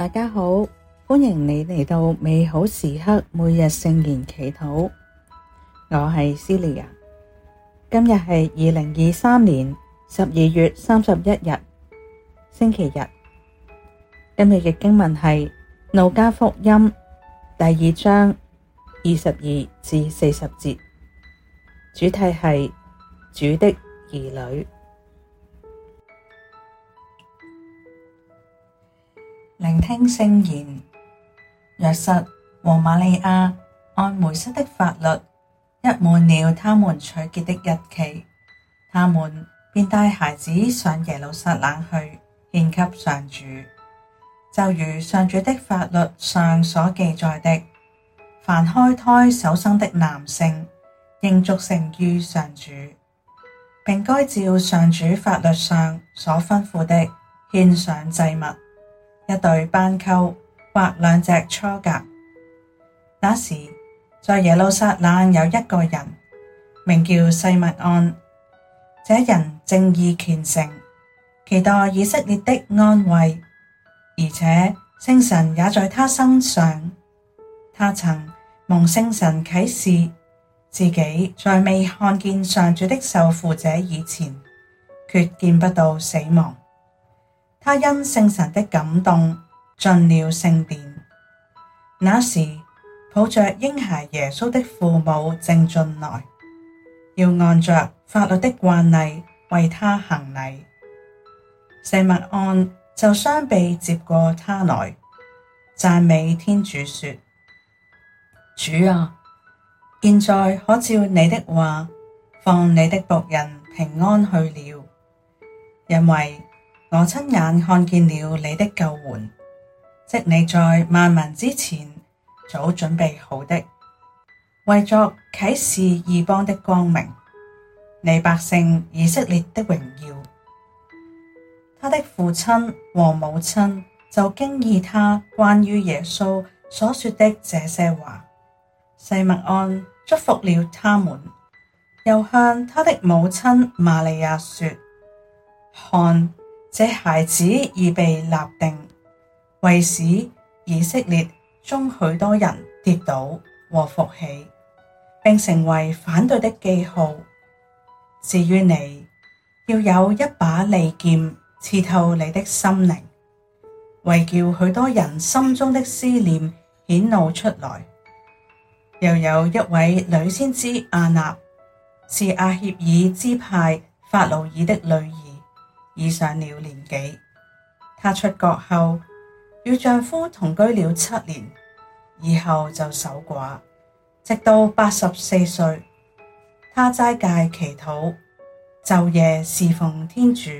大家好，歡迎你嚟到美好時刻每日聖言祈禱，我係 Celia，今日係二零二三年十二月三十一日星期日，今日嘅經文係《路加福音》第二章二十二至四十節，主題係主的兒女。聽聖言，若瑟和瑪利亞按梅瑟的法律，一滿了他們取潔的日期，他們便帶孩子上耶路撒冷去獻給上主，就如上主的法律上所記載的，凡開胎首生的男性，應祝聖於上主，並該照上主法律上所吩咐的獻上祭物。一對斑鳩，或兩隻雛鴿。那時，在耶路撒冷有一個人，名叫西默盎。這人正義虔誠，期待以色列的安慰，而且聖神也在他身上。他曾蒙聖神啟示自己，在未看見上主的受傅者以前，決見不到死亡。他因聖神的感動進了聖殿，那時抱着嬰孩耶穌的父母正進來，要按着法律的慣例為他行禮。西默盎就雙臂接過他來，讚美天主說：主啊，現在可照你的話，放你的僕人平安去了，因為。我親眼看見了你的救援，即你在萬民之前早準備好的，為作啟示異邦的光明，你百姓以色列的榮耀。他的父親和母親就驚異他關於耶穌所說的這些話，西默盎祝福了他們，又向他的母親瑪利亞說：看！這孩子已被立定，為使以色列中許多人跌倒和復起，並成為反對的記號。至於你，要有一把利劍刺透你的心靈，為叫許多人心中的思念顯露出來。又有一位女先知亞納，是阿協爾支派法奴耳的女兒。已上了年紀，她出閣後與丈夫同居了七年，以後就守寡，直到八十四歲。她齋戒祈禱，晝夜事奉天主，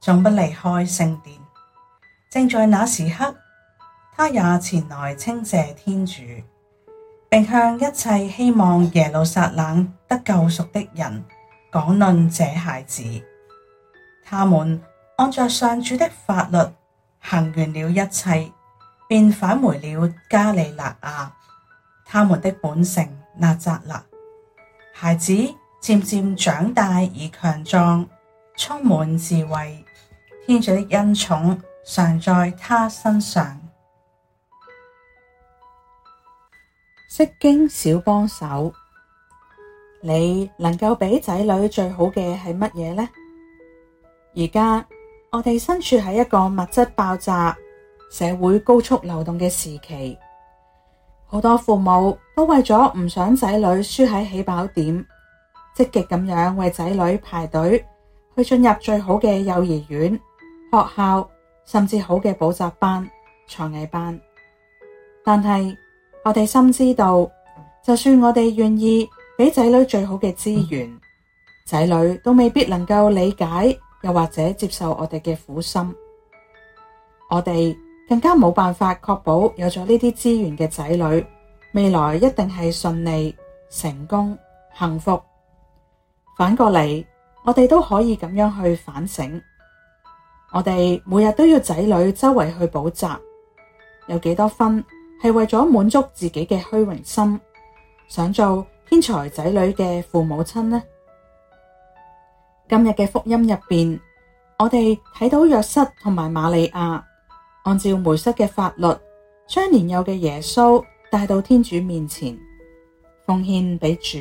總不離開聖殿。正在那時刻，她也前來稱謝天主，並向一切希望耶路撒冷得救贖的人講論這孩子。他們按照上主的法律，行完了一切，便返回了加里肋亞。他們的本城納匝肋。孩子漸漸長大而強壯，充滿智慧，天主的恩寵常在他身上。釋經小幫手，你能夠俾仔女最好嘅係乜嘢呢？而家我哋身處喺一個物質爆炸、社會高速流動嘅時期，好多父母都為咗唔想仔女輸喺起跑點，積極咁樣為仔女排隊去進入最好嘅幼兒園、學校，甚至好嘅補習班、才藝班。但係我哋深知道，就算我哋願意俾仔女最好嘅資源，仔女都未必能夠理解。又或者接受我哋嘅苦心，我哋更加冇辦法確保有咗呢啲資源嘅仔女未來一定係順利、成功、幸福。反過嚟，我哋都可以咁樣去反省，我哋每日都要仔女周圍去補習，有幾多分係為咗滿足自己嘅虛榮心，想做天才仔女嘅父母親呢？今日嘅福音入面，我哋睇到若瑟同埋瑪利亞，按照梅瑟嘅法律，將年幼嘅耶穌帶到天主面前，奉獻俾主。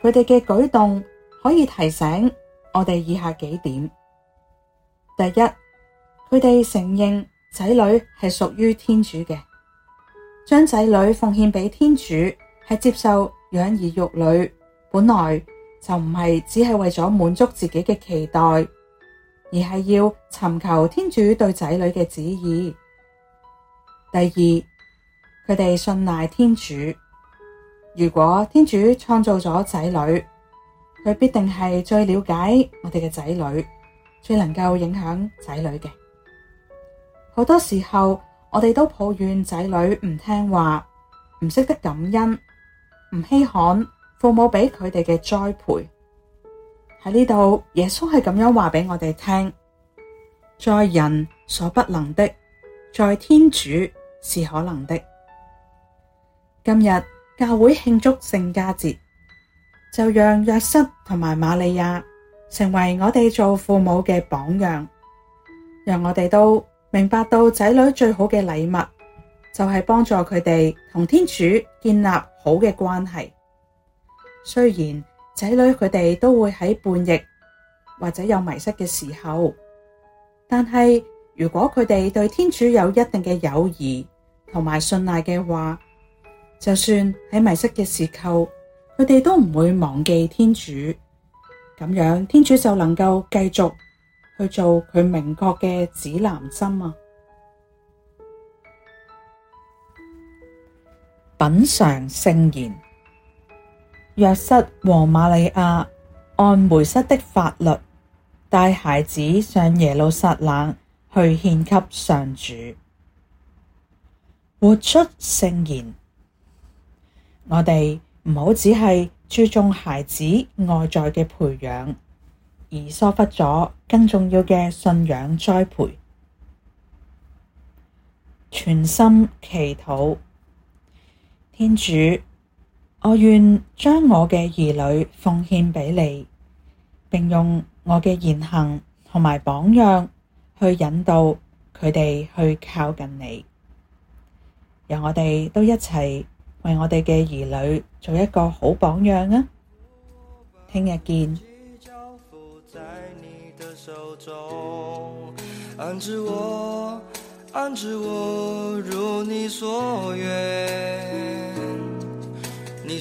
佢哋嘅舉動可以提醒我哋以下幾點：第一，佢哋承認仔女係屬於天主嘅，將仔女奉獻俾天主係接受養兒育女本來。就唔係只係為咗滿足自己嘅期待，而係要尋求天主對仔女嘅旨意。第二，佢哋信賴天主。如果天主創造咗仔女，佢必定係最了解我哋嘅仔女，最能夠影響仔女嘅。好多時候，我哋都抱怨仔女唔聽話，唔識得感恩，唔稀罕。父母俾佢哋嘅栽培喺呢度，耶穌係咁樣話俾我哋聽：在人所不能的，在天主是可能的。今日教會慶祝聖家節，就讓約瑟同埋瑪利亞成為我哋做父母嘅榜樣，讓我哋都明白到仔女最好嘅禮物就係幫助佢哋同天主建立好嘅關係。雖然仔女佢哋都會喺叛逆或者有迷失嘅時候，但係如果佢哋對天主有一定嘅友誼同埋信賴嘅話，就算喺迷失嘅時候，佢哋都唔會忘記天主。咁樣天主就能夠繼續去做佢明確嘅指南針啊！品嘗聖言。若瑟和瑪利亞按梅瑟的法律，帶孩子上耶路撒冷去獻給上主。活出聖言。我哋唔好只係注重孩子外在嘅培養，而疏忽咗更重要嘅信仰栽培。全心祈禱，天主。我願將我嘅兒女奉獻俾你，並用我嘅言行同埋榜樣去引導佢哋去靠近你。讓我哋都一齊為我哋嘅兒女做一個好榜樣啊！聽日見。